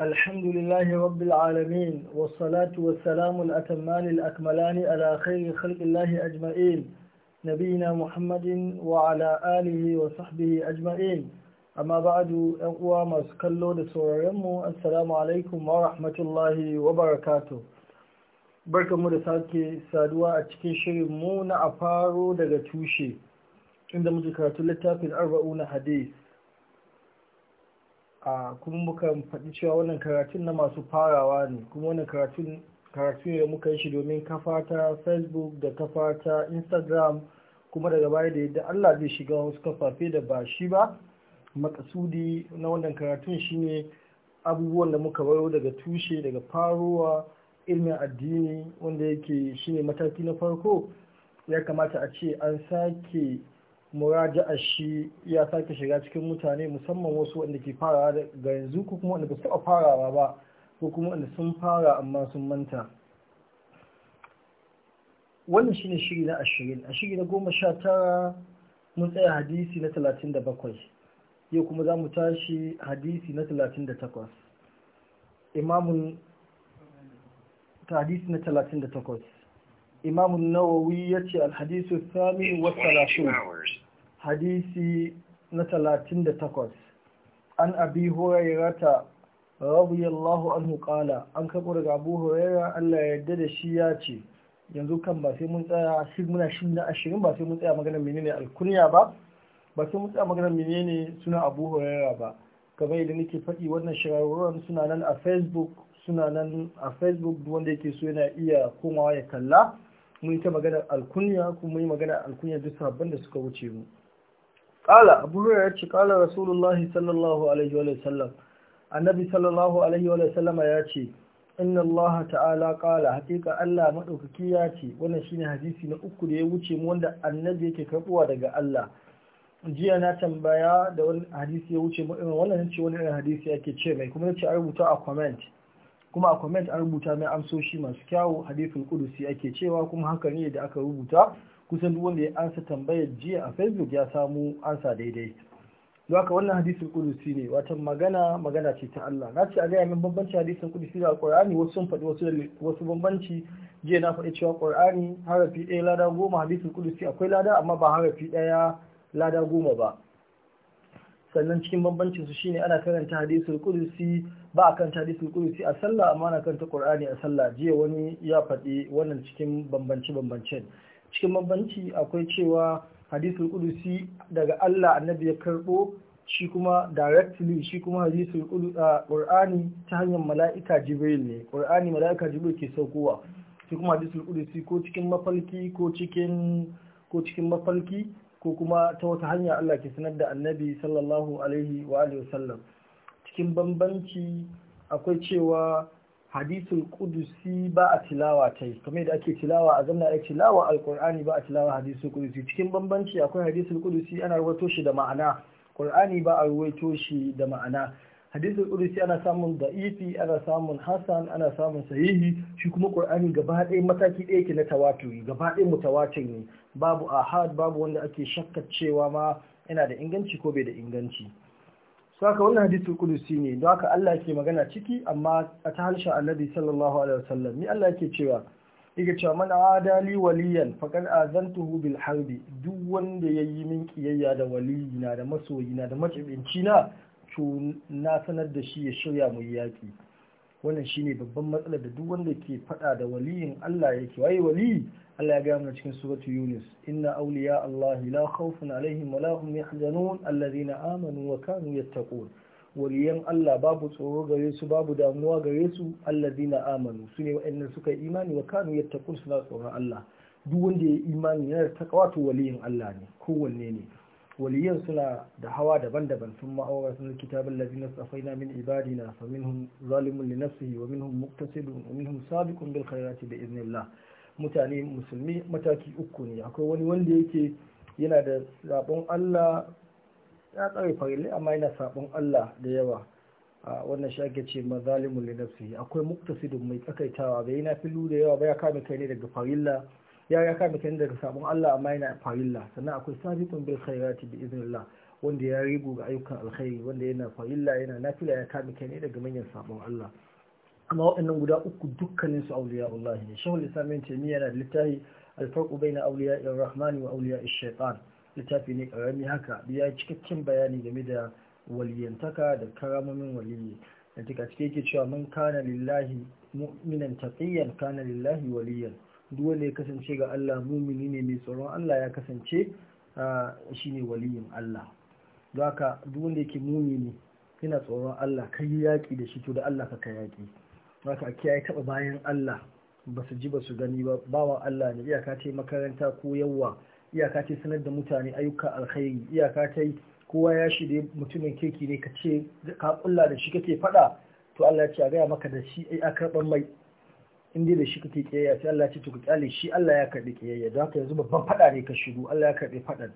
الحمد لله رب العالمين والصلاة والسلام الأتمان الأكملان على خير خلق الله أجمعين نبينا محمد وعلى آله وصحبه أجمعين أما بعد أقوى ما سكالو دسوريمو السلام عليكم ورحمة الله وبركاته بركة مدساكي سادوا أتكي شرمون أفارو دغتوشي عند مذكرة اللتاف الأربعون حديث a kuma muka faɗi cewa wannan karatun na masu farawa ne kuma wannan karatun karatu da muka yi shi domin kafata ta facebook da kafata instagram kuma daga baya da yadda allah zai shiga wasu kafafe da ba shi ba makasudi na wannan karatun shine abubuwan da muka baro daga tushe daga faruwa ilmin addini wanda yake shine mataki na farko ya kamata a ce an sake a shi ya sake shiga cikin mutane musamman wasu wanda ke farawa daga yanzu ko kuma wanda ba su taɓa farawa ba ko kuma wanda sun fara amma sun manta wannan shine shiri na ashirin a shiri na goma sha tara mun tsaya hadisi na talatin da bakwai yau kuma za mu tashi hadisi na talatin da takwas imamun ta hadisi na talatin da takwas imamun nawawi ya ce alhadisu sami wasu talatin. hadisi na 38 an abi هريرة رضي anhu عنه an karɓo daga abu هريرة Allah ya yarda da shi ya ce yanzu kan ba sai mun tsaya shi muna shi na ashirin ba sai mun tsaya maganar menene alkunya ba ba sai mun tsaya maganar suna kamar nake faɗi wannan shirarruwan suna nan a facebook suna nan a facebook wanda yake so yana iya komawa ya kalla mun yi ta maganar alkunya kuma yi maganar alkunya duk sabbin da suka wuce mu kala abu hurairah ce kala rasulullahi sallallahu alaihi wa sallam annabi sallallahu alaihi wa sallama ya ce inna allaha ta'ala kala hakika allah maɗaukaki ya ce wannan shine hadisi na uku da ya wuce mu wanda annabi yake karbuwa daga allah jiya na tambaya da wani hadisi ya wuce mu irin wannan ce wani irin hadisi yake ce mai kuma ce a rubuta a comment kuma a comment an rubuta mai amsoshi masu kyawu hadisin qudusi ake cewa kuma haka ne da aka rubuta kusan duk wanda ya ansa tambayar jiya a facebook ya samu ansa daidai haka wannan hadisin kudusi ne wata magana magana ce ta Allah na ce a gaya min bambanci hadisin kudusi da alqur'ani wasu sun faɗi wasu wasu bambanci jiya na faɗi cewa qur'ani harafi ɗaya lada goma hadisin kudusi akwai lada amma ba harafi ɗaya lada goma ba sannan cikin bambancin su shine ana karanta hadisin kudusi ba a kanta hadisin kudusi a sallah amma ana karanta qur'ani a sallah jiya wani ya faɗi wannan cikin bambance bambancen cikin mabanci akwai cewa hadisul kudusi daga Allah annabi ya karbo shi kuma directly shi kuma hadisul kudusi qur'ani ta hanyar mala'ika jibril ne qur'ani mala'ika jibril ke saukowa shi kuma hadisul kudusi ko cikin mafalki ko cikin ko cikin mafalki ko kuma ta wata hanya Allah ke sanar da annabi sallallahu alaihi wa alihi wasallam cikin bambanci akwai cewa hadisul kudusi ba a tilawa ta yi kamar da ake tilawa a zamna ake tilawa alkur'ani ba a tilawa hadisul kudusi cikin bambanci akwai hadisul kudusi ana rawaito shi da ma'ana qur'ani ba a rawaito shi da ma'ana hadisul kudusi ana samun da'ifi ana samun hasan ana samun sahihi shi kuma qur'ani gaba ɗaya mataki ɗaya ke na tawaturi gaba ɗaya mutawatir ne babu ahad babu wanda ake shakka cewa ma yana da inganci ko bai da inganci saka wannan hadisi kulusi ne don haka Allah ke magana ciki amma a ta harshen annabi sallallahu alaihi wasallam ni Allah ke cewa yake cewa man adali waliyan faqad azantuhu bil harbi duk wanda yayi min kiyayya da waliyina da masoyina da macibinci na to na sanar da shi ya shirya mu yaki wannan shine babban matsalar da duk wanda ke fada da waliyin Allah yake waye wali Allah ya ga mana cikin suratu Yunus inna awliya Allah la khawfun alaihim wa la hum yahzanun alladhina amanu wa kanu yattaqun waliyan Allah babu tsoro gare su babu damuwa gare su alladhina amanu sune waɗanda suka yi imani wa kanu yattaqun suna tsoron Allah duk wanda ya imani yana da takawa to waliyin Allah ne kowanne ne waliyan suna da hawa daban-daban sun ma'aura sun kitabin lazina na min ibadina famin hun zalimun li nafsihi wa minhum muqtasidun wa hun sabikun bil khairati izinin la mutane musulmi mataki uku ne akwai wani wanda yake yana da sabon Allah ya tsare farile amma yana sabon Allah da yawa wannan shi ake ce ma zalimun li nafsihi akwai muqtasidun mai tsakaitawa bai na filu da yawa ba ya kame kai ne daga farilla ya kama kan daga sabon Allah amma yana farilla sannan akwai sabiqun bil khairati bi idnillah wanda ya rigo ga ayyukan alkhairi wanda yana farilla yana nafila ya kame kai daga manyan sabon Allah amma waɗannan guda uku dukkanin su auliya Allah ne shawul yin taymiya yana da littafi farqu baina auliya ar-rahmani wa awliya ash shaitan littafi ne karami haka ya cikakken bayani game da waliyantaka da karamomin waliyi da take cike yake cewa mun kana lillahi mu'minan taqiyan kana lillahi waliyan dole ya kasance ga Allah mumini ne mai tsoron Allah ya kasance shi ne waliyin Allah don ka duk wanda yake mumini yana tsoron Allah yi yaƙi da shi to da Allah ka kai yaƙi ka haka ya taɓa bayan Allah ba su ji ba su gani ba bawa Allah ne iyaka ce makaranta ko yawa iyaka ce sanar da mutane ayyuka alkhairi iyaka yi kowa ya shirya mutumin keki ne ka ce ka kulla da shi kake faɗa to Allah ya ce a gaya maka da shi ai a karɓar mai inda da shi kake kiyayya sai Allah ce to ka kyale shi Allah ya karbi kiyayya da haka yanzu babban fada ne ka shigo Allah ya karbi fadan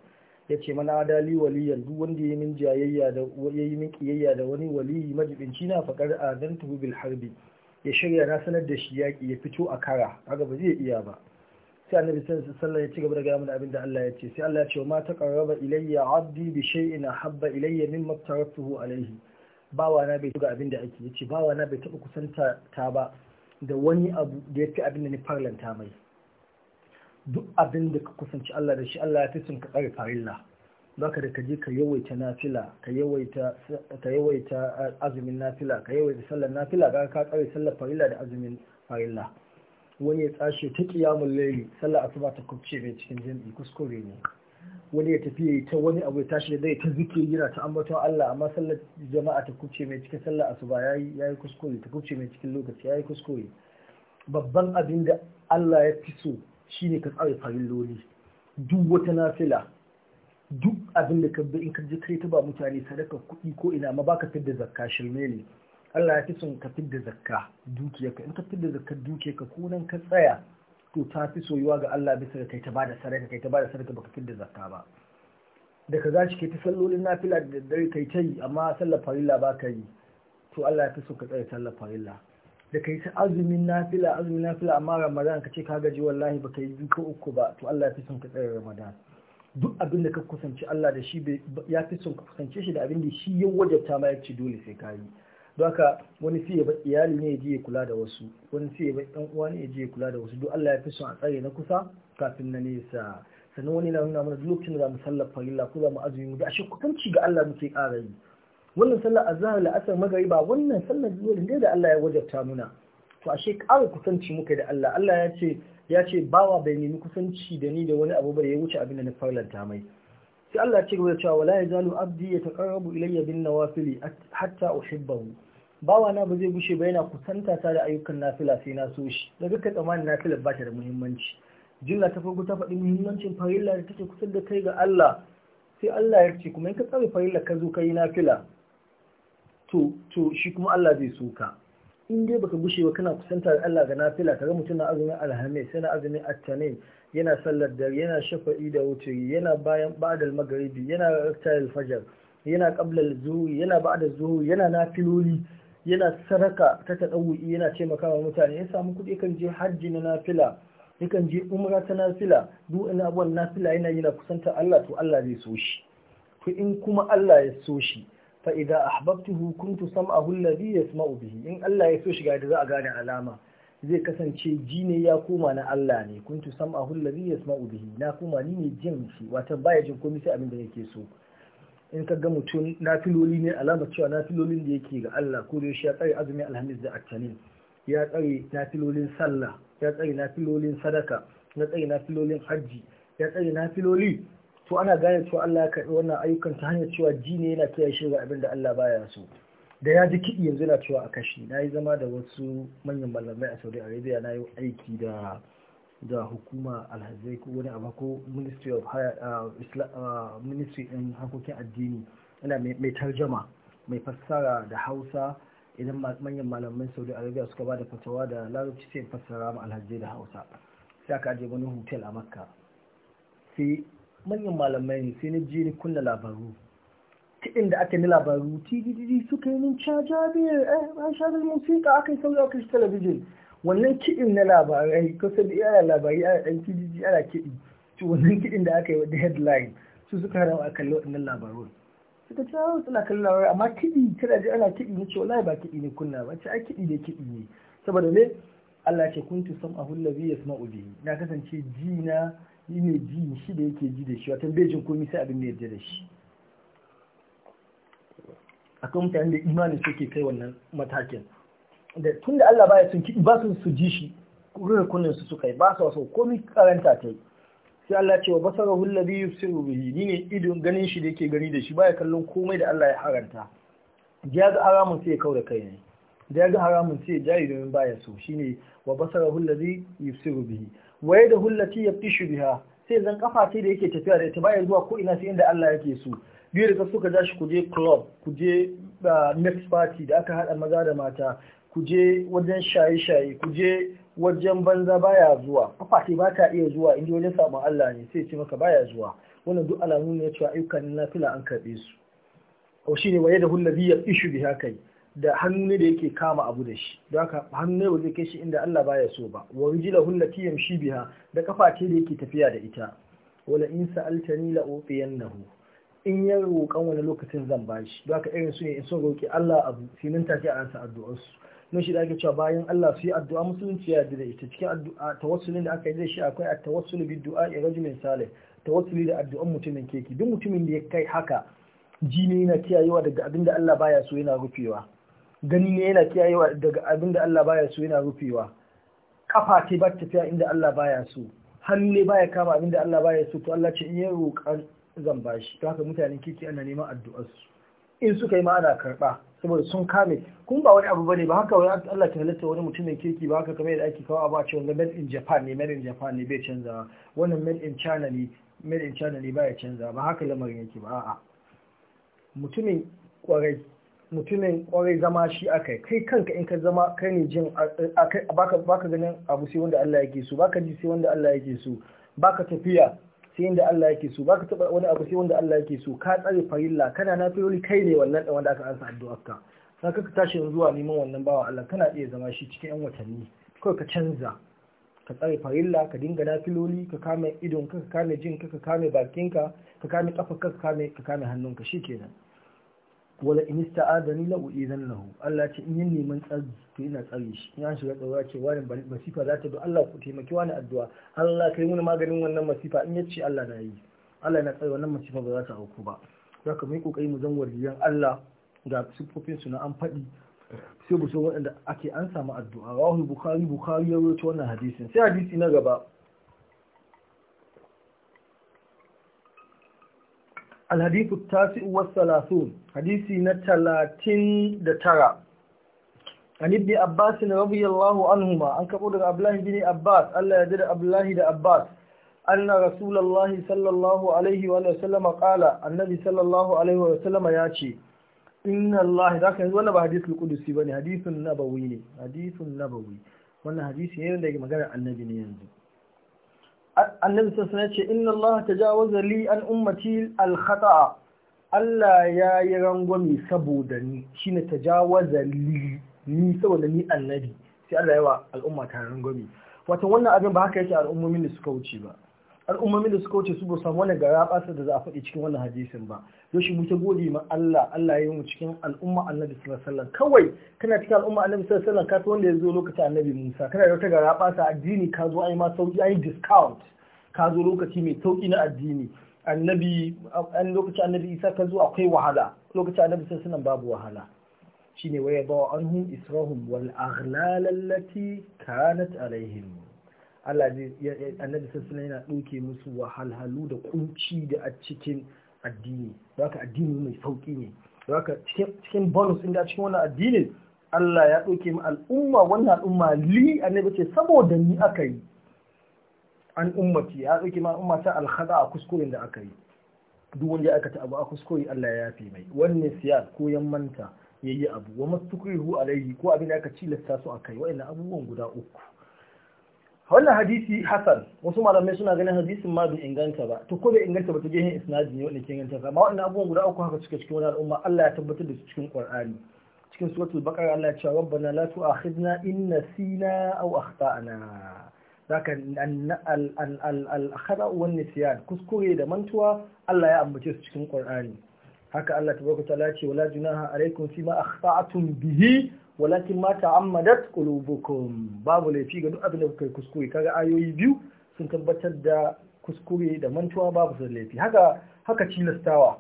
yace mana adali waliyan duk wanda yayi min jayayya da yayi min kiyayya da wani waliyi majibinci na faqar adantu bil harbi ya shirya na sanar da shi yaki ya fito a kara kaga ba zai iya ba sai annabi sallallahu alaihi ya ci gaba da gaya mana abin da Allah ya ce sai Allah ya ce ma taqarraba ilayya abdi bi shay'in ahabba ilayya mimma taraftuhu alayhi bawa na bai tuga abin da ake yace bawa na bai taba kusanta ta ba da wani abu da ya fi abin da ni farlanta mai duk abin da ka kusanci Allah da shi Allah ya fi sun ka kare farilla baka da kaje ka yawaita nafila ka yawaita ka yawaita azumin nafila ka yawaita sallar nafila ka ka tsare sallar farilla da azumin farilla wani ya tsashe ta qiyamul layli sallar asuba ta kubce mai cikin jami'i kuskure ne wani ya tafi ta wani abu ya tashi da ta zuke yana ta ambaton Allah amma sallar jama'a ta kubce mai cikin sallar asuba ya yi kuskure ta kubce mai cikin lokaci ya yi kuskure babban abin da Allah ya fi so shine ka farin loli, duk wata nafila duk abin da ka bi in ka je kai ta ba mutane sadaka kuɗi ko ina ma baka fidda zakka shirme ne Allah ya fi son ka fidda zakka dukiyarka in ka fidda zakka dukiyarka ko nan ka tsaya to ta fi soyuwa ga Allah bisa ga kai ta bada sadaka kai ta bada sadaka baka fidda zakka ba da ka zaci kai ta sallolin nafila da dare kai ta yi amma sallar farilla ba ka yi to Allah ya fi so ka tsaya sallar farilla da kai ta azumin nafila azumin nafila amma ramadan ka ce ka gaji wallahi baka yi duka ko uku ba to Allah ya fi son ka tsaya ramadan duk abin da ka kusanci Allah da shi ya fi son ka kusance shi da abin da shi ya wajabta ma ya ce dole sai ka yi haka wani fiye ya iyali ne ya ya kula da wasu wani fiye ya ɗan uwa ne ya ya kula da wasu duk Allah ya fi son a tsare na kusa kafin na nesa sannan wani na nuna mana duk lokacin da za mu sallar farilla ko za mu azumi mu da ashe kusanci ga Allah muke ƙara yi wannan sallar azhar la'asar magariba wannan sallar dole ne da Allah ya wajabta muna to ashe ƙara kusanci muka da Allah Allah ya ce ya ce bawa bai nemi kusanci da ni da wani abu ba da ya wuce abin da na farlanta mai sai Allah ya ce gaba da cewa wala zalu abdi ya yataqarrabu ilayya bin nawafili hatta uhibbahu bawa na ba zai gushe ba yana kusanta ta da ayyukan nafila sai na so shi da duka tsammanin nafila ba ta da muhimmanci jilla ta farko ta faɗi muhimmancin farilla da take kusa da kai ga Allah sai Allah ya ce kuma in ka tsare farilla ka zo ka yi nafila to to shi kuma Allah zai so ka in dai baka gushe ba kana kusanta da Allah ga nafila kaga mutum na azumin alhamis yana azumin attanin yana sallar dare yana shafa'i da wuturi yana bayan ba'dal magharibi yana rakta fajar? yana kabla zuhuri? yana ba'da zuhuri? yana nafiloli yana saraka ta taɗawu'i yana taimakawa mutane ya samu kuɗi kan je hajji na nafila yakan je umra ta nafila duk wani abuwan nafila yana na kusanta Allah to Allah zai so shi to in kuma Allah ya so shi fa idza ahbabtuhu kuntu sam'ahu alladhi yasma'u bihi in Allah ya so shi ga da za a gane alama zai kasance ji ne ya koma na Allah ne kuntu sam'ahu alladhi yasma'u bihi na koma ni ne jin shi wato baya jin komai sai abin da yake so in ka ga mutum nafiloli ne alama cewa nafilolin da yake ga Allah ko da ya tsare azumi alhamis da attanin ya tsare nafilolin sallah ya tsare nafilolin sadaka ya tsare nafilolin hajji ya tsare nafiloli to ana gane cewa Allah ya karɓi wannan ayyukan ta hanyar cewa ji ne yana kiyaye shi ga abin da Allah baya so da ya ji kiɗi yanzu na cewa a kashi na yi zama da wasu manyan malamai a Saudi Arabia na yi aiki da da hukuma alhazai ko wani abu ko ministry of uh, uh, ministry harkokin addini ina mai tarjama mai fassara da hausa idan manyan malaman saudi arabia suka ba da fatawa da larabci sai fassara ma alhazai da hausa sai aka ajiye wani hotel a makka sai manyan malamai sai na je ni kunna labaru kiɗin da aka yi labaru tv suka yi min caja biyar eh shagar mun fika aka yi sauya aka shi talabijin wannan kiɗin na labarai kusan da iya labarai a ɗan kiɗi ana kiɗi to wannan kiɗin da aka yi da headline su suka hana a kalli waɗannan labarai. suka ce ah suna kalli labarai amma kiɗi tana ji ana kiɗi ne ce wallahi ba kiɗi ne kunna ba ce ai kiɗi ne kiɗi ne saboda ne Allah ce kuntu sam'ahu allazi yasma'u bihi na kasance ji na ni ne ji shi da yake ji da shi wata bai jin komai sai abin da yarda da shi akwai mutane da imanin suke kai wannan matakin da tun da Allah baya sun kiɗi ba su su ji shi rurin kunnen su suka yi ba su wasu komi karanta ta yi sai Allah ce wa basara biyu yusiru bihi ni ne idon ganin shi da yake gani da shi baya kallon komai da Allah ya haranta ya ga haramun sai ya kau da kai ne da ya ga haramun sai ya jari domin baya so shine wa basara biyu yusiru bihi waye da hullati fi biha sai zan kafa sai da yake tafiya da ita baya zuwa ko ina sai inda Allah yake so biyu da suka ja shi kuje club kuje next party da aka hada maza da mata kuje wajen shaye-shaye kuje je wajen banza baya zuwa kafafe ba ta iya zuwa inda wajen samun Allah ne sai ce maka baya zuwa wannan duk alamu ne cewa ayyukan na fila an karbe su au shi ne waye da hulla biya ishu bi haka da hannu ne da yake kama abu da shi don haka hannu ne ba kai shi inda Allah baya so ba wa rijila tiyam shi biha da kafafe da yake tafiya da ita wala in sa'altani la in ya roƙan wani lokacin zan shi don haka irin su ne in sun roƙi Allah abu sinin ce a ransa addu'arsu mun shi da ake cewa bayan Allah su yi addu'a musulunci ya da ita cikin addu'a tawassulin da aka yi zai shi akwai a tawassulu bi du'a ya rajulin salih tawassuli da addu'an mutumin keke duk mutumin da ya kai haka jini yana kiyayewa daga abin da Allah baya so yana rufewa gani ne yana kiyayewa daga abin da Allah baya so yana rufewa kafa ce ba tafiya inda Allah baya so hannu ne baya kama abin da Allah baya so to Allah ce in ya roƙa zan bashi to haka mutanen kirki ana neman addu'arsu in suka yi ma ana karɓa saboda sun kame kun ba wani abu bane ba haka wani Allah ta halatta wani mutumin kirki ba haka kamar yadda ake kawo ba cewa made in Japan ne made in Japan ne bai canza wannan made in China ne made in China ne baya canza ba haka lamarin yake ba a'a mutumin kwarai mutumin kwarai zama shi akai kai kanka in ka zama kai ne jin baka baka ganin abu sai wanda Allah yake so baka ji sai wanda Allah yake so baka tafiya sai inda Allah yake so baka taba wani abu sai wanda Allah yake so ka tsare farilla kana nafiloli kai ne wannan da wanda aka ansa ka sai ka tashi zuwa neman wannan bawa Allah kana iya zama shi cikin yan watanni kawai ka canza ka tsare farilla ka dinga nafiloli ka kame idon ka ka kame jin ka ka kame bakin ka ka kame kafa ka ka kame ka kame hannun shikenan wala in ista'adani la u'idannahu Allah ce in yin neman tsari to ina tsare shi in an shiga tsaro ce wani masifa za ta do Allah ku taimaki wani addu'a Allah kai mun maganin wannan masifa in yace Allah na yi Allah na tsare wannan masifa ba za ta auku ba za ka yi kokari mu zan waliyan Allah ga sifofin su na an faɗi sai bu so waɗanda ake an samu addu'a rawahu bukhari bukhari ya rawaito wannan hadisin sai hadisi na gaba الحديث التاسع والثلاثون حديث نتلاتين دترى عن ابن عباس رضي الله عنهما عن كبر عبد الله بن عباس الله يدر عبد الله بن عباس أن رسول الله صلى الله عليه وآله وسلم قال النبي صلى الله عليه وسلم ياتي إن الله ذاك yanzu wannan ba hadisul qudusi bane hadisun nabawi ne hadisun nabawi wannan hadisi ne da yake magana annabi sallallahu alaihi ce inna Allah tajawaza li an ummati al Allah ya yi rangwami saboda ni shi shine tajawaza li ni saboda ni annabi sai Allah ya wa al'umma ta rangwami wato wannan abin ba haka yake al'ummomin da suka wuce ba al'ummomin da suka wuce su ba samu wani gara ɓasa da za a faɗi cikin wannan hadisin ba yau shi muke gode ma Allah Allah ya yi mu cikin al'umma annabi sallallahu alaihi kawai kana cikin al'umma annabi sallallahu alaihi ka wanda ya zo lokacin annabi Musa kana da wata gara ɓasa addini ka zo ai ma sauki ai discount ka zo lokaci mai sauki na addini annabi an lokacin annabi Isa ka zo akwai wahala lokacin annabi sallallahu alaihi babu wahala shine waya bawa anhum israhum wal aghlal allati kanat alaihim Allah zai annabi sassana yana ɗauke musu wahalhalu da kunci da a cikin addini da haka addini mai sauƙi ne da haka cikin bonus inda cikin wannan addinin Allah ya ɗauke mu al'umma wannan al'umma li annabi ce saboda ni aka yi an ummati ya ɗauke mu al'umma ta alhada a kuskuren da aka yi duk wanda ya aikata abu a kuskure Allah ya yafe mai wannan siyar ko yan manta yayi abu wa mastukrihu alaihi ko abin da aka cilasta su akai wa'annan abubuwan guda uku wannan hadisi hasan wasu malamai suna ganin hadisin ma bai inganta ba to ko bai inganta ba ta gehen isnadi ne wanda ke inganta ba amma wannan abubuwan guda uku haka cike cikin wani al'umma Allah ya tabbatar da su cikin Qur'ani cikin suratul baqara Allah ya ce rabbana la tu'akhidna in nasina aw akhtana zaka an al al akhara wa nisyan kuskure da mantuwa Allah ya ambace su cikin Qur'ani haka Allah tabaraka ta ya ce wala junaha alaikum fima akhta'tum bihi walakin ma ta'ammadat qulubukum babu laifi ga duk abin da kuka yi kuskure kaga ayoyi biyu sun tabbatar da kuskure da mantuwa babu sun laifi haka haka cilastawa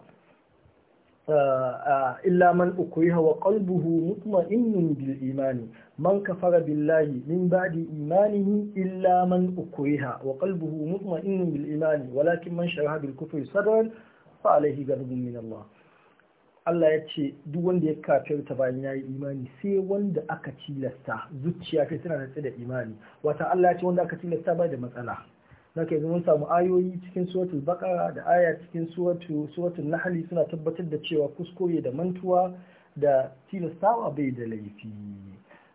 uh, uh, illa man ukriha wa qalbuhu mutma'innun bil imani man kafara billahi min ba'di imanihi illa man ukriha wa qalbuhu mutma'innun bil imani walakin man sharaha bil kufri sadran fa alayhi ghadabun min Allah Allah ya ce duk wanda ya kafirta bayan ya yi imani sai wanda aka tilasta zuciya ta tana natsi da imani wata Allah ya ce wanda aka tilasta bai da matsala zaka yanzu mun samu ayoyi cikin suwatul baqara da aya cikin suwatul suratul suna tabbatar da cewa kuskure da mantuwa da tilastawa bai da laifi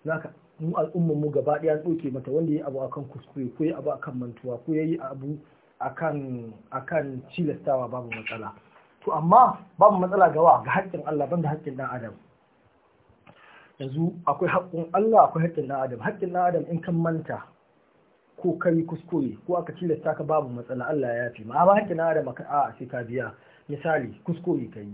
zaka mu al'ummar mu gaba ɗaya ɗauke mata wanda ya abu akan kuskure ko ya abu akan mantuwa ko ya yi abu akan tilastawa babu matsala to amma babu matsala gawa ga haƙƙin Allah banda haƙƙin ɗan adam yanzu akwai haƙƙin Allah akwai haƙƙin ɗan adam haƙƙin ɗan adam in kan manta ko kai kuskure ko aka tilasta ka babu matsala Allah ya yafi ma ba haƙƙin ɗan adam a sai ka biya misali kuskure kai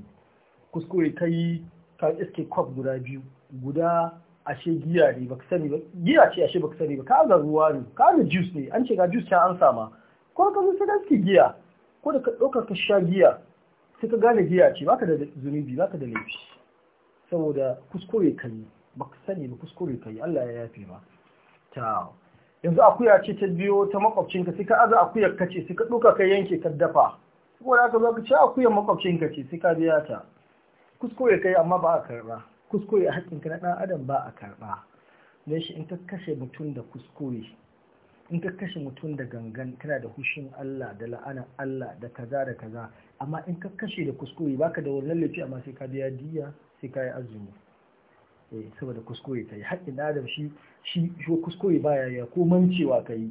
kuskure kai ka iske kwaf guda biyu guda ashe giya ne baka sani ba giya ce ashe baka sani ba ka ga ruwa ne ka ga juice ne an ce ga juice ta an sama ko ka zo sai ka giya ko da ka ɗaukar ka sha giya sai ka gane giya ce baka da zunubi baka da laifi saboda kuskure ba baka sani ba kuskure yi, Allah ya yafe ba ta yanzu akuya ce ta biyo ta makwabcinka sai ka aza akuyar ka ce sai ka duka ka yanke ka dafa saboda aka zo ce akuyar makwabcinka ce sai ka biya ta kuskure kai amma ba a karba kuskure a haƙƙinka na ɗan adam ba a karba don shi in ka kashe mutum da kuskure in ka kashe mutum da gangan kana da hushin Allah da la'anar Allah da kaza da kaza amma in ka kashe da kuskure baka da wannan laifi amma sai ka biya diya sai ka yi azumi eh saboda kuskure kai haƙƙin adam shi shi shi kuskure baya ya ko mancewa kai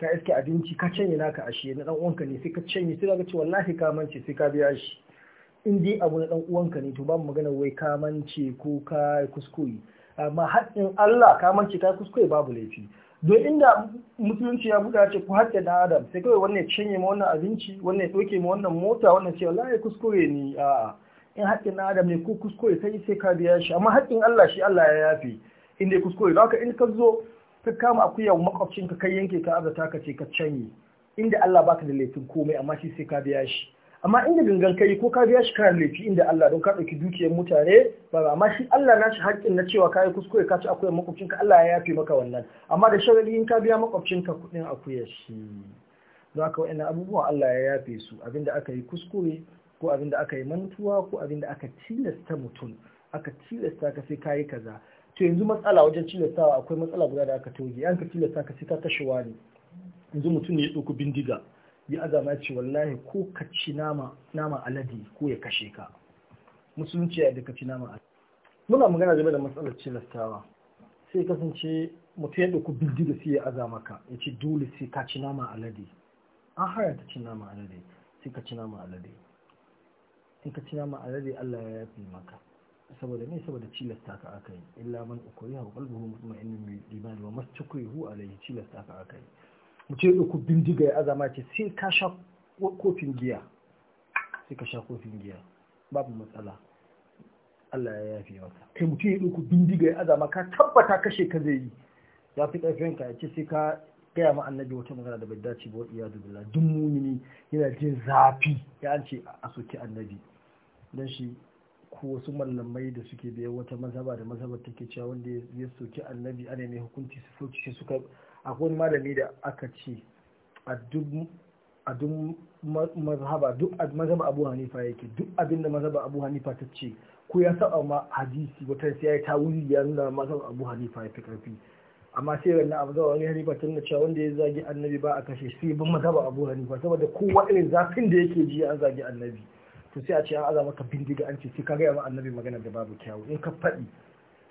ka iske abinci ka canye naka ashe na dan uwanka ne sai ka canye sai ka ce wallahi ka mance sai ka biya shi in dai abu na dan uwanka ne to ba mu magana wai ka mance ko ka kuskure amma haƙƙin Allah ka mance ka kuskure babu laifi don inda musulunci ya buɗa ce ku hatta adam sai kawai wannan ya cinye ma wannan abinci wannan ya ɗauke ma wannan mota wannan ce wallahi kuskure ni a'a in haƙƙin adam ne ko kuskure sai sai ka biya shi amma haƙƙin Allah shi Allah ya yafi inda ya kuskure don haka in ka zo ka kama akuya makwabcinka ka kai yanke ka azata ka ce ka canye inda Allah baka da laifin komai amma shi sai ka biya shi amma inda gangan kai ko ka biya shi kan laifi inda Allah don ka ɗauki dukiyar mutane ba amma shi Allah na shi haƙƙin na cewa kayi kuskure ka ci akuyar makwabcinka Allah ya yafe maka wannan amma da shagali in ka biya makwabcinka kuɗin akuyar shi don haka wa'annan abubuwa Allah ya yafe su abinda aka yi kuskure ko abinda aka yi mantuwa ko abinda aka tilasta mutum aka tilasta ka sai kayi kaza to yanzu matsala wajen tilastawa akwai matsala guda da aka toge an ka tilasta ka sai ka kashe wani yanzu mutum ne ya ɗauki bindiga ya azama ce wallahi ko ka ci nama alade ko ya kashe ka musulunci ya ka ci nama alade muna magana game da matsalar lastawa sai kasance mutum ya ɗauki bildi da su ya azama ka ya ce dole sai ka ci nama alade an haranta ci nama alade sai ka ci nama alade in ka ci nama alade Allah ya yafi maka saboda ne saboda cilasta ka aka yi illa man ukriha wa qalbuhu mutma'innun mai iman wa mastakrihu alayhi cilasta ka aka yi mutum ya bindiga ya azama ce sai ka sha kofin giya sai ka sha kofin giya babu matsala Allah ya yafe maka kai mutum ya ɗauku bindiga ya azama ka tabbata kashe ka zai yi ya fi ƙarfin ka ya ce sai ka gaya ma annabi wata magana da bai dace ba iya dubula duk mumini yana jin zafi ya an ce a soki annabi dan shi ko wasu mallamai da suke biyan wata mazhaba da mazhabar take cewa wanda ya soki annabi ana mai hukunci su soki suka akwai malami da aka ce a duk mazhaba duk mazhaba abu hanifa yake duk abin da mazhaba abu hanifa ta ce ko ya saba ma hadisi wata sai ya wuri ya nuna mazhaba abu hanifa ya fi amma sai wanda abu zawa wani hanifa tun da cewa wanda ya zagi annabi ba a kashe sai bin mazhaba abu hanifa saboda kowa irin zafin da yake ji an zagi annabi to sai a ce an aza maka bindiga an ce sai ka gaya ma annabi magana da babu kyawu in ka faɗi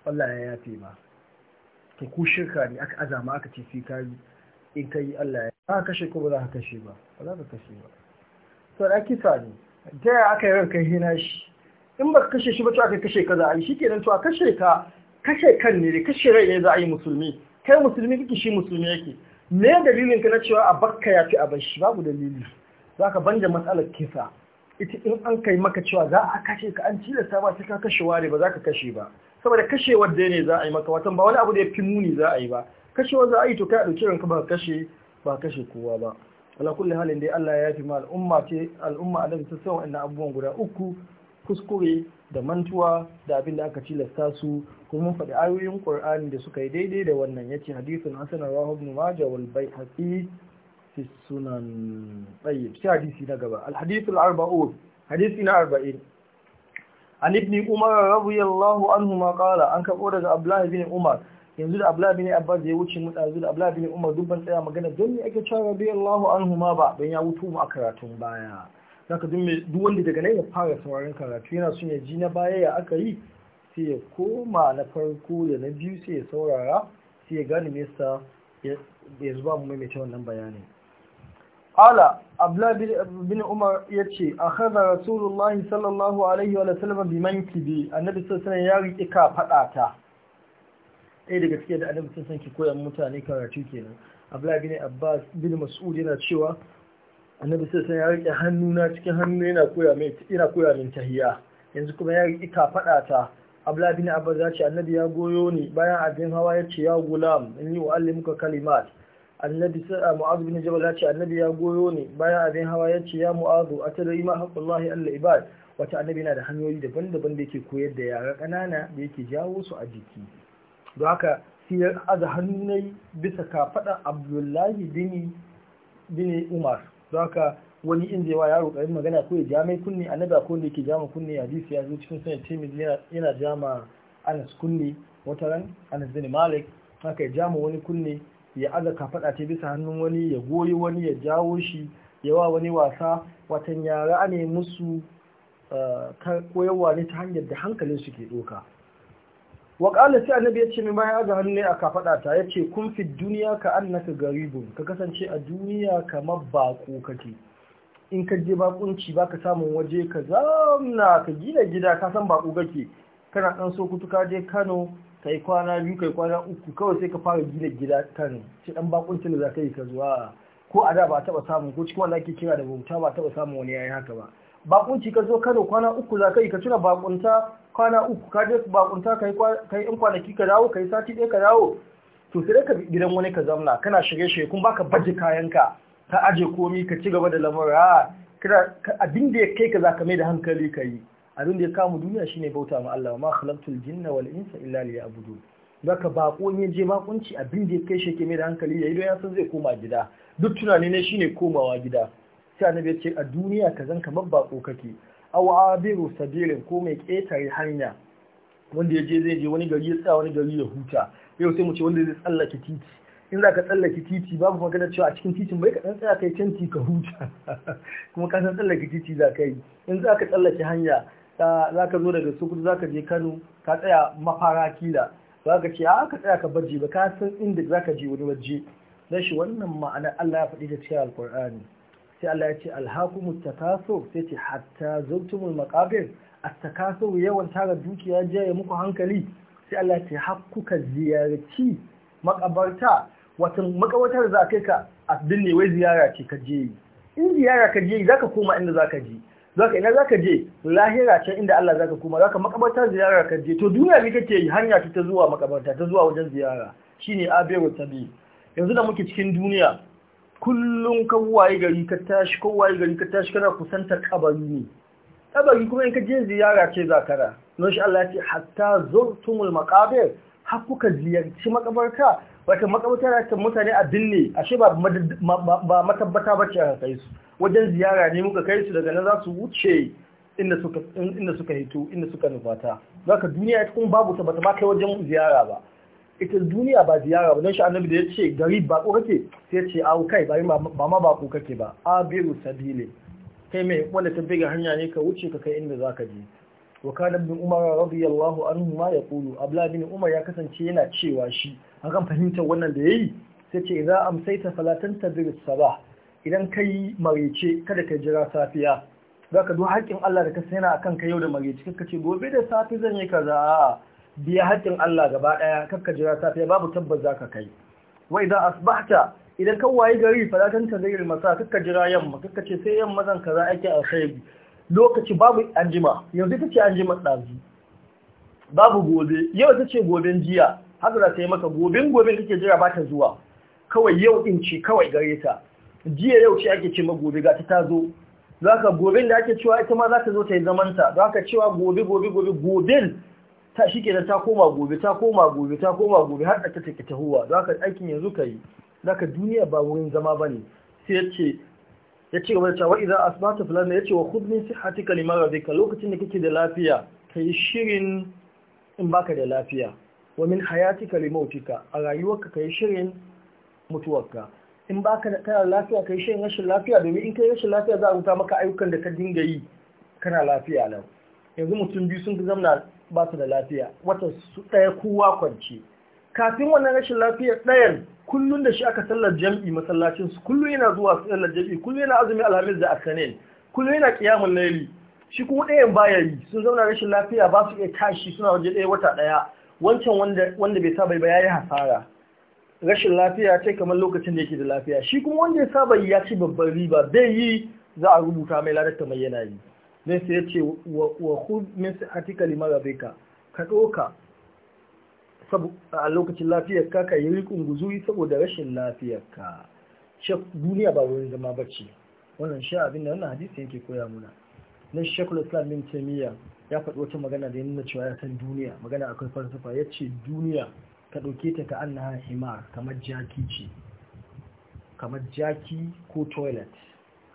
Allah ya yafe ba. to ku shirka ne aka azama aka ce sai yi in kai Allah ya ka kashe ko ba za ka kashe ba ba za ka kashe ba to da kisa ne ta yaya aka yi ranka hina shi in ba ka kashe shi ba to aka kashe ka za a yi shikenan to a kashe ka kashe kan ne da kashe rai ne za a yi musulmi kai musulmi kike shi musulmi yake me dalilin ka na cewa a bakka ya fi a bar shi babu dalili za ka banja matsalar kisa ita in an kai maka cewa za a kashe ka an tilasta ba sai ka kashe ware ba za ka kashe ba saboda kashewar da ne za a yi maka watan ba wani abu da ya fi muni za a yi ba kashewa za a yi to kai a ɗauki ranka ba kashe ba kashe kowa ba ala kulli halin dai Allah ya yafi ma al'umma ce al'umma a ta sa wa'annan abubuwan guda uku kuskure da mantuwa da abin da aka tilasta su kuma mun faɗi ayoyin Qur'ani da suka yi daidai da wannan yace hadithun hasan rawahu ibn majah wal baihaqi fi sunan tayyib sai hadisi na gaba al hadithul hadisi na arba'in an ibn umar radiyallahu anhuma qala an kabo daga abdullah ibn umar yanzu da abdullah ibn abbas ya wuce mu yanzu da abdullah ibn umar dubban ban tsaya magana don me ake cewa radiyallahu anhuma ba dan ya wutu mu a karatun baya zaka duk wanda daga nan ya fara sauraron karatu yana son ya ji na baya ya aka yi sai ya koma na farko da na biyu sai ya saurara sai ya gane me yasa ya zuba mu mai wannan bayanin Ala, Abla bin Umar ya ce, A haɗa Rasulullahi sallallahu Alaihi wa sallama bi manki bi, annabi sassanin ya riƙe ka faɗa ta. Ɗaya daga cikin da annabi sassan ki koyan mutane karatu kenan. Abla bin Abbas bin Mas'ud yana cewa, annabi sassan ya riƙe hannuna cikin hannu yana koya min tahiya. Yanzu kuma ya riƙe ka faɗa ta. Abla bin Abbas ya ce, annabi ya goyo ni bayan abin hawa ya ce, Ya gulam, in yi wa'allimuka kalimat. annabi ah, muazu bin jabal ya ce annabi ya goyo ne bayan abin hawa ya ce ya muazu a tare ma haƙullahi allah ibad wata annabi na da hanyoyi daban-daban da yake koyar da yara ƙanana da yake jawo su a jiki don haka sai ya aza hannunai bisa kafaɗa abdullahi bin umar don haka wani in zai wa yaro ƙarin magana ko ya ja mai kunne annabi a kowanne yake jama kunne hadisi ya zo cikin sanin timid yana ma anas kunne ran anas bin malik haka ya ma wani kunne ya aza kafaɗa ta bisa hannun wani ya goyi wani ya jawo shi yawa wani wasa watan yara ne musu eh, koyarwa ne ta hanyar da hankalin su ke doka wa sai annabi yace min bayan aza hannu ne a kafaɗa ta yace kun fi duniya ka annaka garibun ka kasance a duniya kamar bako kake in ka je bakunci baka samun waje ka zamna ka gina gida ka san bako kake kana dan so kutuka je Kano kai kwana biyu kai kwana uku kawai sai ka fara gina gida kan shi dan bakuncin da za ka yi ka zuwa ko a da ba taba samun ko cikin wanda ake kira da bauta ba taba samun wani yayi haka ba bakunci ka zo Kano kwana uku za ka yi ka tuna bakunta kwana uku ka je bakunta kai kai in kwanaki ka dawo kai sati ɗaya ka dawo to sai ka gidan wani ka zauna kana shirye shirye kun baka baje kayanka ka aje komi ka ci gaba da lamura kana abin da ya kai ka za ka mai da hankali ka yi abin da ya kama duniya shine bauta ma Allah ma khalaqtul jinna wal insa illa liya'budun baka bako ne je bakunci abin da ya kai shi mai da hankali ya ido ya san zai koma gida duk tunani ne shine komawa gida sai annabi ya ce a duniya ka zan kamar bako kake aw abiru sabilin ko mai ketare hanya wanda ya je zai je wani gari ya tsaya wani gari ya huta yau sai mu ce wanda zai tsallake titi in za ka tsallake titi babu magana cewa a cikin titin bai ka dan tsaya kai canti ka huta kuma ka san tsallake titi za ka yi in za ka tsallake hanya za ka zo daga sokoto za ka je kano ka tsaya mafara kila za ka ce a ka tsaya ka barji ba ka san inda za ka je wani waje Zai shi wannan ma'ana Allah ya faɗi da cikin alkur'ani sai Allah ya ce alhaku mutakaso sai ce hatta zurtumul maqabir a yawan tara dukiya ya muku hankali sai Allah ya ce hakkuka ziyarci makabarta wata makabartar za kai ka a binne wai ziyara ce ka je in ziyara ka je yi za ka koma inda za ka je zaka ina zaka je lahira can inda Allah zaka kuma zaka makabarta ziyara ka je to duniya ne kake yi hanya ta zuwa makabarta ta zuwa wajen ziyara shine abiru tabi yanzu da muke cikin duniya kullum ka waye gari ka tashi ko waye gari ka tashi kana kusantar kabari ne kabari kuma in ka je ziyara ce zakara don shi Allah ya ce hatta zurtumul maqabir har kuka ziyarci makabarta wata makabarta ta mutane a dinne ashe ba matabbata ba ce a kai su wajen ziyara ne muka kai su daga nan za su wuce inda suka hito inda suka nufata ka duniya ita kuma babu ta bata ma kai wajen ziyara ba ita duniya ba ziyara ba don shi annabi da ya ce gari ba ko kake sai ce awu kai ba ma ba ko kake ba a biru sabile kai mai wanda ta biga hanya ne ka wuce ka kai inda za ka je wa kana ibn umar radiyallahu anhu ma kulu abla bin umar ya kasance yana cewa shi akan fahimtar wannan da yayi sai ce idza amsayta fala tantazir sabah idan kai marice kada ka jira safiya zaka duk haƙƙin Allah da ka saina akan ka yau da marice kaka ce gobe da safi zan yi kaza biya haƙƙin Allah gaba ɗaya kakka jira safiya babu tabbas zaka kai wa idan asbahta idan ka wayi gari fala tantazir masa kakka jira yamma kakka ce sai yamma zan kaza ake sai lokaci babu anjima yanzu kace anjima ɗazu babu gobe yau ta ce goben jiya hazura sai maka gobin gobin kake jira ba ta zuwa kawai yau in ci kawai gare ta jiya yau ce ake ce ma gobe ga ta zo za ka gobin da ake cewa ita ma za ta zo ta yi zamanta za ka cewa gobe gobe gobe gobin ta shi ta koma gobe ta koma gobe ta koma gobe har da ta take tahowa za ka aikin yanzu ka yi za duniya ba wurin zama bane sai ya ce ya ce gaba da cewa idan asbata fulani ya ce wa kudin sihati kalimar rabika lokacin da kake da lafiya ka yi shirin in baka da lafiya wa min hayatika li mautika a rayuwarka kai shirin mutuwarka in baka da kana lafiya kai shirin rashin lafiya domin in kai rashin lafiya za a rubuta maka ayyukan da ka dinga yi kana lafiya nan. yanzu mutum biyu sun fi zamna ba su da lafiya wata su ɗaya kowa kwance kafin wannan rashin lafiyar ɗayan kullum da shi aka sallar jam'i masallacin su kullum yana zuwa sallar jam'i kullum yana azumi alhamis da asanin kullum yana kiyamun laili shi kuma ɗayan baya yi sun zauna rashin lafiya ba su iya tashi suna waje ɗaya wata ɗaya wancan wanda bai saba ba ya yi hasara rashin lafiya ce kamar lokacin da yake da lafiya shi kuma wanda ya saba ya ci babban riba bai yi za a rubuta mai ladar kamar yana yi zai sai ce wa khud min mara bai ka doka a lokacin lafiyar ka ka yi rikon guzuri saboda rashin lafiyar ka. shi duniya ba wurin zama bacci wannan shi abin da wannan hadisi yake koya muna na shekul islam min taimiyya ya faɗi wata magana da yana cewa ya san duniya magana a akwai falsafa ya ce duniya ka ɗauke ta ka an na himar kamar jaki ce kamar jaki ko toilet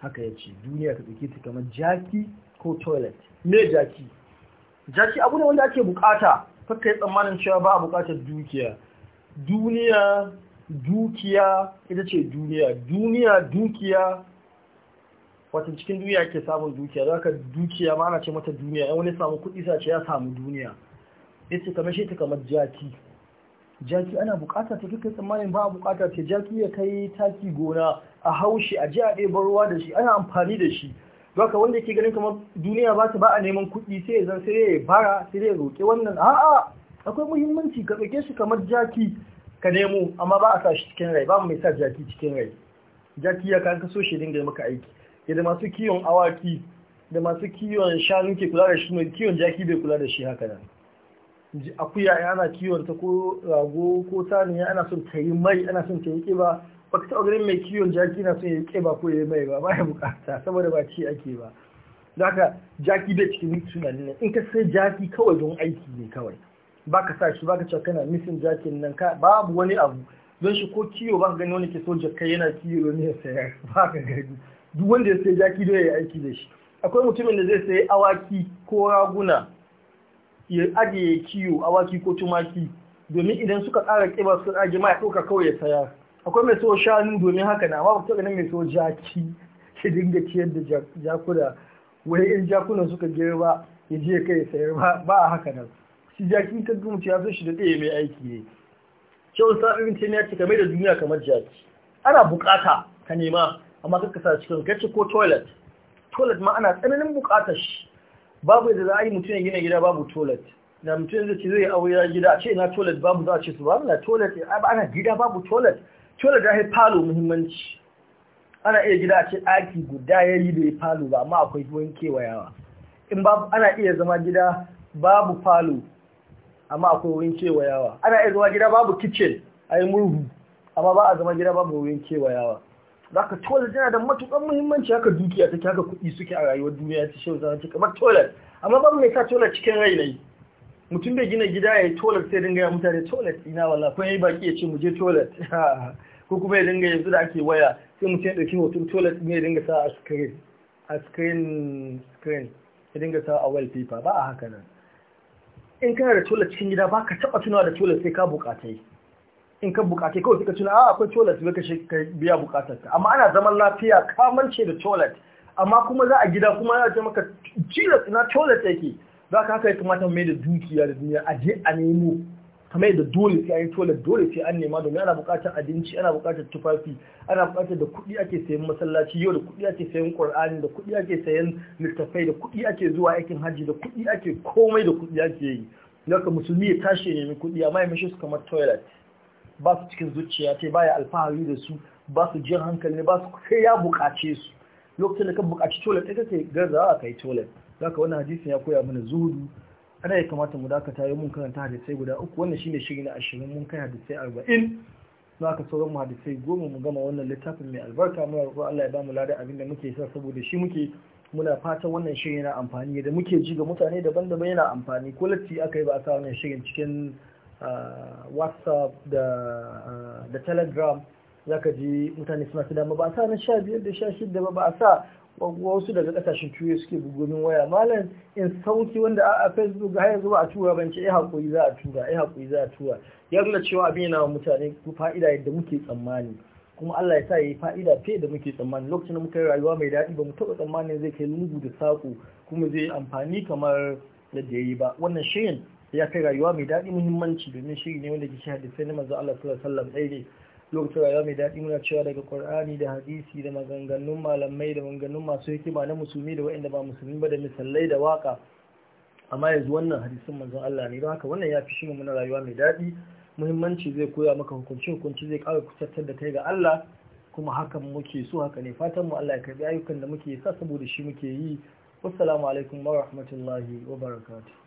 haka ya ce duniya ka ɗauke ta kamar jaki ko toilet me jaki jaki abu ne wanda ake bukata kakka yi tsammanin cewa ba a bukatar dukiya duniya dukiya ita ce duniya duniya dukiya Wata cikin duniya ke samun dukiya za ka dukiya ma ce mata duniya yan wani samu kuɗi sace ya samu duniya ya ce kamar shi ta kamar jaki jaki ana bukatar ta duka tsammanin ba a ta jaki ya kai taki gona a haushi a ji a ɗebar ruwa da shi ana amfani da shi Za ka wanda ke ganin kamar duniya ba ta ba a neman kudi sai ya zan sai ya bara sai ya roƙe wannan a'a akwai muhimmanci ka ɗauke shi kamar jaki ka nemo amma ba a sa shi cikin rai ba mai sa jaki cikin rai jaki ya kan kaso shi dinga maka aiki da masu kiwon awaki da masu kiwon shanu ke kula da shi mai kiwon jaki bai kula da shi haka nan akuya ana kiwon ta ko rago ko saniya ana son ta yi mai ana son ta yi ƙiba ba ka taɓa ganin mai kiwon jaki na son ya yi ƙiba ko ya yi mai ba ba ya bukata saboda ba ci ake ba da haka jaki bai cikin tunanin in ka sai jaki kawai don aiki ne kawai ba ka sa shi ba ka cewa kana misin jakin nan ka babu wani abu don shi ko kiwo ba ka gani wani ke son jakai yana kiyo ne ya sayar ba ka gani duk wanda ya sai jaki dole ya aiki da shi akwai mutumin da zai sai awaki ko raguna ya ajiye kiyo awaki ko tumaki domin idan suka ƙara ƙiba su ƙage ma ya ɗauka kawai ya saya akwai mai sayo shanu domin haka na amma ba ganin mai sayo jaki ya dinga ciyar da jakuna wai in jakunan suka girma ya je kai ya sayar ba a haka nan shi jaki ta gumci ya so shi da ɗaya mai aiki ne Kyau sa'in ce ne ya ce mai da duniya kamar jaki ana bukata ka nema amma kakka sa cikin kacce ko toilet toilet ma ana tsananin bukatar shi babu yadda za a yi mutum ya gina gida babu toilet na mutum zai ce zai aure gida a ce na toilet babu za a ce su babu na toilet ana gida babu toilet toilet ya yi falo muhimmanci ana iya gida a ce ɗaki guda ya yi da ya falo ba amma akwai ruwan kewayawa in babu ana iya zama gida babu falo amma akwai wurin kewayawa ana iya zama gida babu kitchen a yi murhu amma ba a zama gida babu wurin kewayawa zaka toilet yana da matukar muhimmanci haka dukiya take haka kuɗi suke a rayuwar duniya ta shehu zama kamar toilet amma babu mai sa toilet cikin rai yi mutum bai gina gida ya yi toilet sai dinga ya mutane toilet ina wala ko yi baki ya ce mu je toilet ko kuma ya dinga yanzu da ake waya sai mutum ya ɗauki hoton toilet ne ya dinga sa a screen a screen screen ya dinga sa a wallpaper ba a haka nan in kana da toilet cikin gida ba ka taɓa tunawa da toilet sai ka buƙatai in ka bukace kawai suka tuna a ah, akwai toilet zai ka ka biya bukatar ka amma ana zaman lafiya kamance da toilet amma kuma za a gida kuma za a ce maka jesus na toilet yake za ka haka ya kamata mai da dukiya da duniya a je a nemo kamar yadda dole sai an yi toilet dole sai an nema domin ana bukatar abinci ana bukatar tufafi ana bukatar da kuɗi ake sayan masallaci yau da kuɗi ake sayan ƙur'ani da kuɗi ake sayan littattafai da kuɗi ake zuwa aikin hajji da kuɗi ake komai da kuɗi ake yi daga musulmi ya tashi ya nemi kuɗi amma ya mashi su kamar toilet ba su cikin zuciya ce baya alfahari da su ba su jin hankali ne ba su sai ya buƙace su lokacin da ka buƙaci toilet ɗaya kake garza a kai toilet ka wannan hadisin ya koya mana zuhudu ana ya kamata mu dakata yi mun karanta hadisai guda uku wannan shine shiri na ashirin mun kai hadisai arba'in za ka sauran mu hadisai goma mu gama wannan littafin mai albarka muna yarda Allah ya ba mu lada abin da muke sa saboda shi muke muna fatan wannan shirin yana amfani da muke ji ga mutane daban-daban yana amfani ko latti aka yi ba a sa wannan shirin cikin Uh, whatsapp uh, da telegram za ka ji mutane suna su dama ba a sa na sha biyar da sha shida ba ba a sa wasu daga kasashen turai suke bugunin waya malam in sauki wanda a facebook har yanzu ba a tura ban ce ya hakuri za a tura ai hakuri za a tura ya nuna cewa abin yana wa mutane fa'ida yadda muke tsammani kuma Allah ya sa yi fa'ida fiye da muke tsammani lokacin da muka yi rayuwa mai daɗi ba mu taɓa tsammanin zai kai lungu da saƙo kuma zai yi amfani kamar yadda ya yi ba wannan shirin ya kai rayuwa mai daɗi muhimmanci domin shiri ne wanda ke shi hadisai na manzo Allah sallallahu alaihi wasallam ɗaya ne lokacin rayuwa mai daɗi muna cewa daga Qur'ani da hadisi da maganganun malamai da maganganun masu hikima na musulmi da waɗanda ba musulmi ba da misallai da waka amma yanzu wannan hadisin manzon Allah ne don haka wannan ya fi shirin muna rayuwa mai daɗi muhimmanci zai koya maka hukunci hukunci zai ƙara kusantar da kai ga Allah kuma hakan muke so haka ne fatan mu Allah ya karbi ayyukan da muke sa saboda shi muke yi wassalamu alaikum wa rahmatullahi wa barakatu